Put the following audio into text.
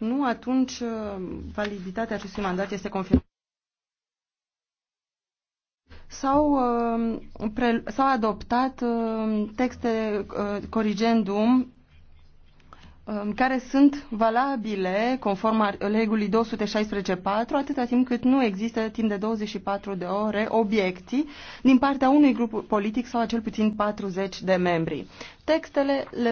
nu, atunci uh, validitatea acestui mandat este confirmată. S-au, uh, adoptat uh, texte corigendum um, care sunt valabile conform regulii 216.4 atâta timp cât nu există timp de 24 de ore obiecții din partea unui grup politic sau a cel puțin 40 de membri. Textele le